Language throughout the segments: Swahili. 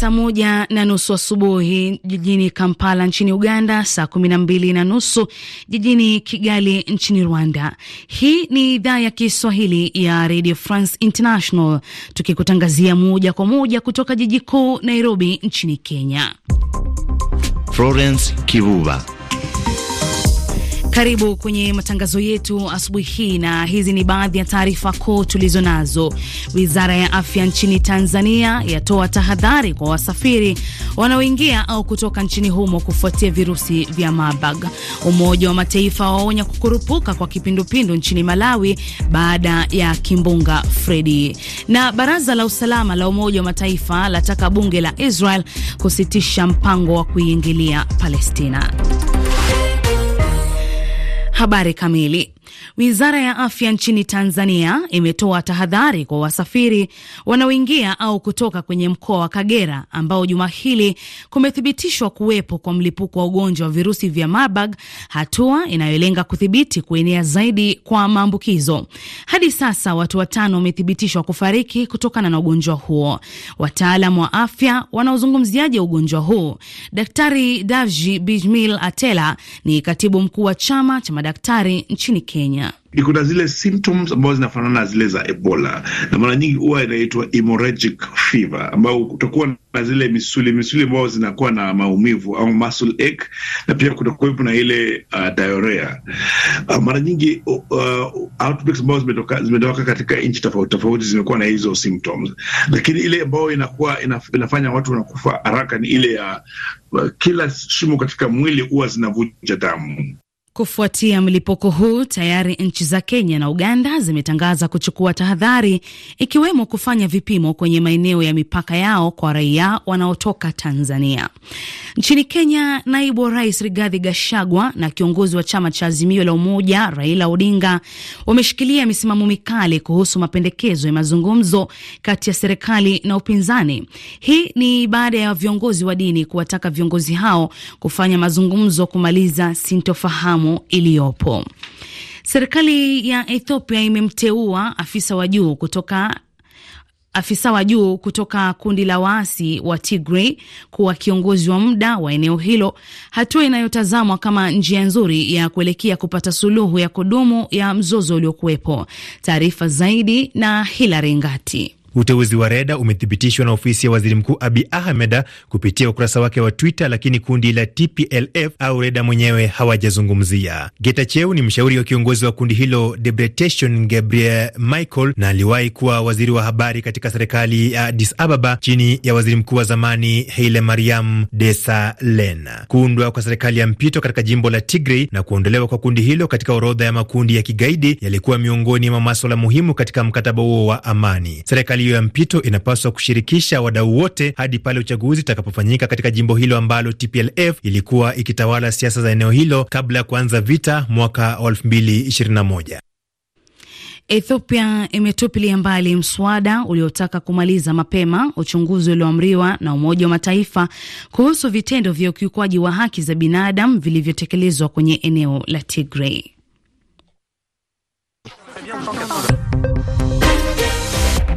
saa moja na nusu asubuhi jijini Kampala nchini Uganda, saa kumi na mbili na nusu jijini Kigali nchini Rwanda. Hii ni idhaa ya Kiswahili ya Radio France International, tukikutangazia moja kwa moja kutoka jiji kuu Nairobi nchini Kenya. Florence Kivuva karibu kwenye matangazo yetu asubuhi hii, na hizi ni baadhi ya taarifa kuu tulizo nazo. Wizara ya afya nchini Tanzania yatoa tahadhari kwa wasafiri wanaoingia au kutoka nchini humo kufuatia virusi vya Marburg. Umoja wa Mataifa waonya kukurupuka kwa kipindupindu nchini Malawi baada ya kimbunga Freddy, na baraza la usalama la Umoja wa Mataifa lataka bunge la Israel kusitisha mpango wa kuiingilia Palestina. Habari kamili. Wizara ya afya nchini Tanzania imetoa tahadhari kwa wasafiri wanaoingia au kutoka kwenye mkoa wa Kagera ambao juma hili kumethibitishwa kuwepo kwa mlipuko wa ugonjwa wa virusi vya Marburg, hatua inayolenga kudhibiti kuenea zaidi kwa maambukizo. Hadi sasa watu watano wamethibitishwa kufariki kutokana na ugonjwa huo. Wataalam wa afya wanaozungumziaje ugonjwa huu? Daktari Davji Bijmil Atela ni katibu mkuu wa chama cha madaktari nchini Kenya. Kenya. Kuna zile symptoms ambazo zinafanana na zile za Ebola na mara nyingi huwa inaitwa hemorrhagic fever, ambayo kutakuwa na zile misuli misuli ambazo zinakuwa na maumivu au muscle ache, na pia kutakuwepo na ile uh, diarrhea. Uh, mara nyingi uh, uh outbreaks ambazo zimetoka, zimetoka katika nchi tofauti tofauti zimekuwa na hizo symptoms, lakini ile ambayo inakuwa inaf, inafanya watu wanakufa haraka ni ile ya uh, kila shimo katika mwili huwa zinavuja damu. Kufuatia mlipuko huu tayari nchi za Kenya na Uganda zimetangaza kuchukua tahadhari, ikiwemo kufanya vipimo kwenye maeneo ya mipaka yao kwa raia wanaotoka Tanzania. Nchini Kenya, naibu wa rais Rigathi Gachagua na kiongozi wa chama cha Azimio la Umoja Raila Odinga wameshikilia misimamo mikali kuhusu mapendekezo ya mazungumzo kati ya serikali na upinzani. Hii ni baada ya viongozi wa dini kuwataka viongozi hao kufanya mazungumzo kumaliza sintofahamu nidhamu iliyopo. Serikali ya Ethiopia imemteua afisa wa juu kutoka afisa wa juu kutoka kundi la waasi wa Tigray kuwa kiongozi wa muda wa eneo hilo, hatua inayotazamwa kama njia nzuri ya kuelekea kupata suluhu ya kudumu ya mzozo uliokuwepo. Taarifa zaidi na Hilary Ngati. Uteuzi wa Reda umethibitishwa na ofisi ya waziri mkuu Abi Ahmed kupitia ukurasa wake wa Twitter, lakini kundi la TPLF au Reda mwenyewe hawajazungumzia. Getachew ni mshauri wa kiongozi wa kundi hilo Debretation Gabriel Michael na aliwahi kuwa waziri wa habari katika serikali ya Addis Ababa chini ya waziri mkuu wa zamani Haile Mariam Desalegn. Kuundwa kwa serikali ya mpito katika jimbo la Tigray na kuondolewa kwa kundi hilo katika orodha ya makundi ya kigaidi yalikuwa miongoni mwa maswala muhimu katika mkataba huo wa amani. Serikali serikali ya mpito inapaswa kushirikisha wadau wote hadi pale uchaguzi utakapofanyika katika jimbo hilo ambalo TPLF ilikuwa ikitawala siasa za eneo hilo kabla ya kuanza vita mwaka 2021. Ethiopia imetupilia mbali mswada uliotaka kumaliza mapema uchunguzi ulioamriwa na Umoja wa Mataifa kuhusu vitendo vya ukiukwaji wa haki za binadamu vilivyotekelezwa kwenye eneo la Tigray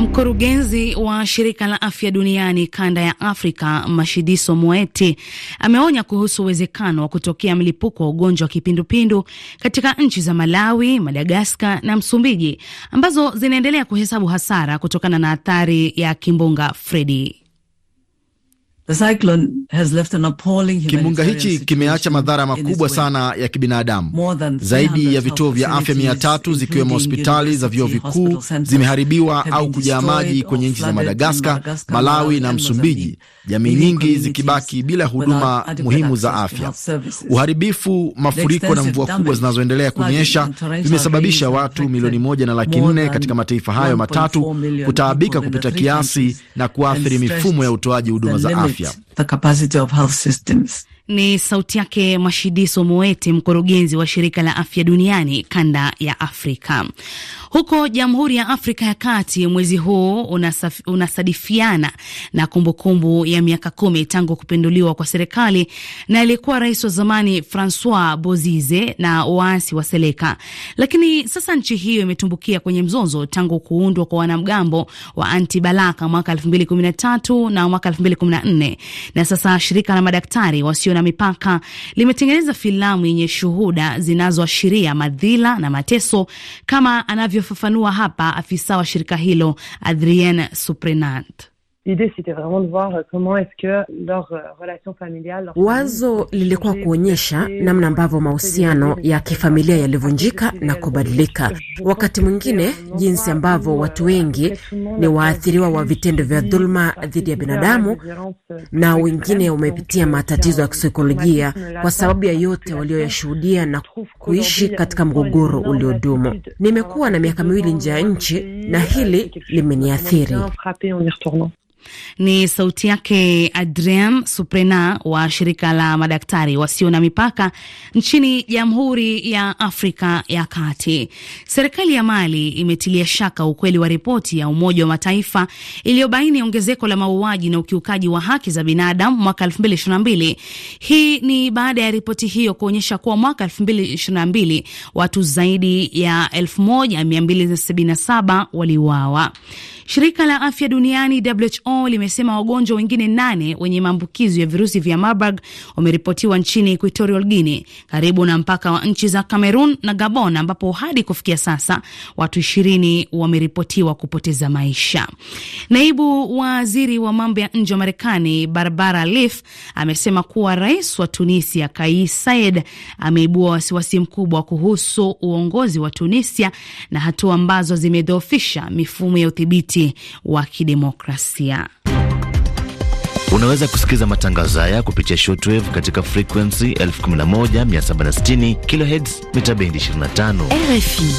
Mkurugenzi wa shirika la afya duniani kanda ya Afrika, Mashidiso Moeti, ameonya kuhusu uwezekano wa kutokea mlipuko wa ugonjwa wa kipindupindu katika nchi za Malawi, Madagaskar na Msumbiji ambazo zinaendelea kuhesabu hasara kutokana na athari ya kimbunga Fredi. Kimbunga hichi kimeacha madhara makubwa sana ya kibinadamu. Zaidi ya vituo vya afya mia tatu zikiwemo hospitali za vyuo vikuu zimeharibiwa au kujaa maji kwenye nchi za Madagaskar, Malawi na Msumbiji, jamii nyingi zikibaki bila huduma muhimu za afya. Uharibifu, mafuriko na mvua kubwa zinazoendelea kunyesha vimesababisha watu milioni moja na laki nne katika mataifa hayo matatu kutaabika kupita kiasi na kuathiri mifumo ya utoaji huduma za afya afya. Ni sauti yake Mashidiso Moeti, mkurugenzi wa shirika la afya duniani kanda ya Afrika. Huko Jamhuri ya Afrika ya Kati, mwezi huu unasadifiana na kumbukumbu kumbu ya miaka kumi tangu kupinduliwa kwa serikali na aliyekuwa rais wa zamani Francois Bozize na waasi wa Seleka. Lakini sasa nchi hiyo imetumbukia kwenye mzozo tangu kuundwa kwa wanamgambo wa Antibalaka mwaka elfu mbili kumi na tatu na mwaka elfu mbili kumi na nne na sasa shirika la madaktari wasio na mipaka limetengeneza filamu yenye shuhuda zinazoashiria madhila na mateso kama anavyo anavyofafanua hapa afisa wa shirika hilo Adrien Suprenant. L'idée c'était vraiment de voir euh, comment est-ce que leur euh, relation familiale leur wazo lilikuwa kuonyesha namna ambavyo mahusiano ya kifamilia yalivunjika na kubadilika, wakati mwingine jinsi ambavyo watu euh, wengi ni waathiriwa wa vitendo vya dhuluma dhidi ya binadamu, na wengine wamepitia matatizo ya kisaikolojia kwa sababu ya yote walioyashuhudia na kuishi katika mgogoro uliodumu. Nimekuwa na miaka miwili nje ya nchi na hili limeniathiri. Ni sauti yake Adrian Suprena wa shirika la madaktari wasio na mipaka nchini Jamhuri ya Afrika ya Kati. Serikali ya Mali imetilia shaka ukweli wa ripoti ya Umoja wa Mataifa iliyobaini ongezeko la mauaji na ukiukaji wa haki za binadamu mwaka 2022. Hii ni baada ya ripoti hiyo kuonyesha kuwa mwaka 2022 watu zaidi ya 1277 waliuawa. Shirika la Afya Duniani WHO limesema wagonjwa wengine nane wenye maambukizo ya virusi vya Marburg wameripotiwa nchini Equatorial Guinea karibu na mpaka wa nchi za Cameroon na Gabon, ambapo hadi kufikia sasa watu ishirini wameripotiwa kupoteza maisha. Naibu waziri wa mambo ya nje wa Marekani Barbara Leaf amesema kuwa rais wa Tunisia Kais Saied ameibua wasiwasi mkubwa kuhusu uongozi wa Tunisia na hatua ambazo zimedhoofisha mifumo ya udhibiti wa kidemokrasia. Unaweza kusikiliza matangazo haya kupitia shortwave katika frequency 11760 kilohertz mita bendi 25 RFI.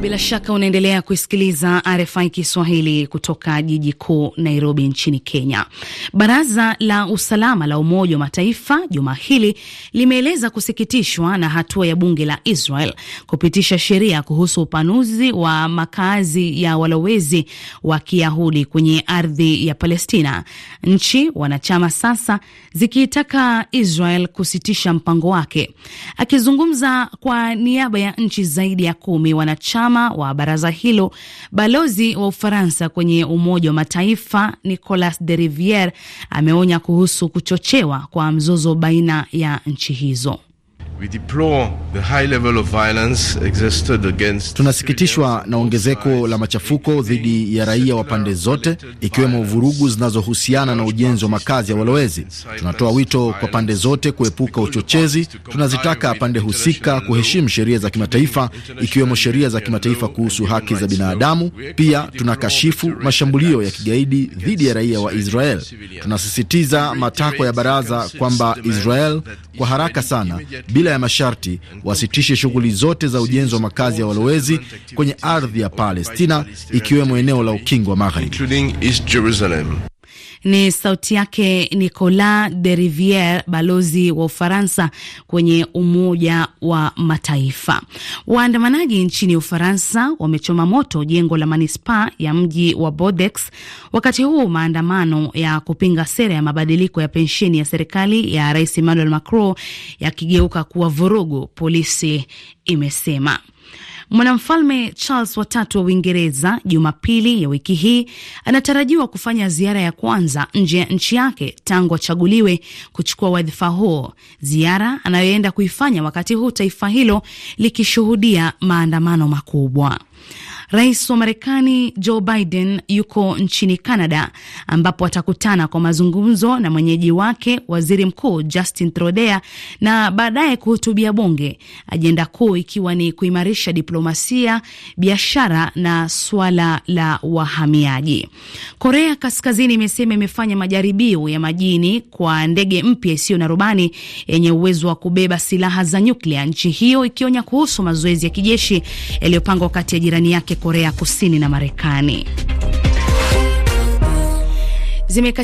Bila shaka unaendelea kuisikiliza RFI Kiswahili kutoka jiji kuu Nairobi nchini Kenya. Baraza la Usalama la Umoja wa Mataifa juma hili limeeleza kusikitishwa na hatua ya bunge la Israel kupitisha sheria kuhusu upanuzi wa makazi ya walowezi wa Kiyahudi kwenye ardhi ya Palestina, nchi wanachama sasa zikiitaka Israel kusitisha mpango wake. Akizungumza kwa niaba ya nchi zaidi ya kumi wanachama usalama wa baraza hilo, balozi wa Ufaransa kwenye Umoja wa Mataifa Nicolas de Riviere ameonya kuhusu kuchochewa kwa mzozo baina ya nchi hizo. Tunasikitishwa na ongezeko la machafuko dhidi ya raia wa pande zote, ikiwemo vurugu zinazohusiana na ujenzi wa makazi ya walowezi. Tunatoa wito kwa pande zote kuepuka uchochezi. Tunazitaka pande husika kuheshimu sheria za kimataifa, ikiwemo sheria za kimataifa kuhusu haki za binadamu. Pia tunakashifu mashambulio ya kigaidi dhidi ya raia wa Israel. Tunasisitiza matakwa ya baraza kwamba Israel kwa haraka sana bila ya masharti wasitishe shughuli zote za ujenzi wa makazi ya walowezi kwenye ardhi ya Palestina, ikiwemo eneo la ukingo wa Magharibi. Ni sauti yake Nicolas de Riviere, balozi wa Ufaransa kwenye Umoja wa Mataifa. Waandamanaji nchini Ufaransa wamechoma moto jengo la manispaa ya mji wa Bordeaux, wakati huu maandamano ya kupinga sera ya mabadiliko ya pensheni ya serikali ya Rais Emmanuel Macron yakigeuka kuwa vurugu, polisi imesema. Mwanamfalme Charles watatu wa Uingereza Jumapili ya wiki hii anatarajiwa kufanya ziara ya kwanza nje ya nchi yake tangu achaguliwe kuchukua wadhifa huo, ziara anayoenda kuifanya wakati huu taifa hilo likishuhudia maandamano makubwa. Rais wa Marekani Joe Biden yuko nchini Canada ambapo atakutana kwa mazungumzo na mwenyeji wake waziri mkuu Justin Trudeau na baadaye kuhutubia bunge, ajenda kuu ikiwa ni kuimarisha diplomasia, biashara na swala la wahamiaji. Korea Kaskazini imesema imefanya majaribio ya majini kwa ndege mpya isiyo na rubani yenye uwezo wa kubeba silaha za nyuklia, nchi hiyo ikionya kuhusu mazoezi ya kijeshi yaliyopangwa kati ya jirani yake Korea Kusini na Marekani.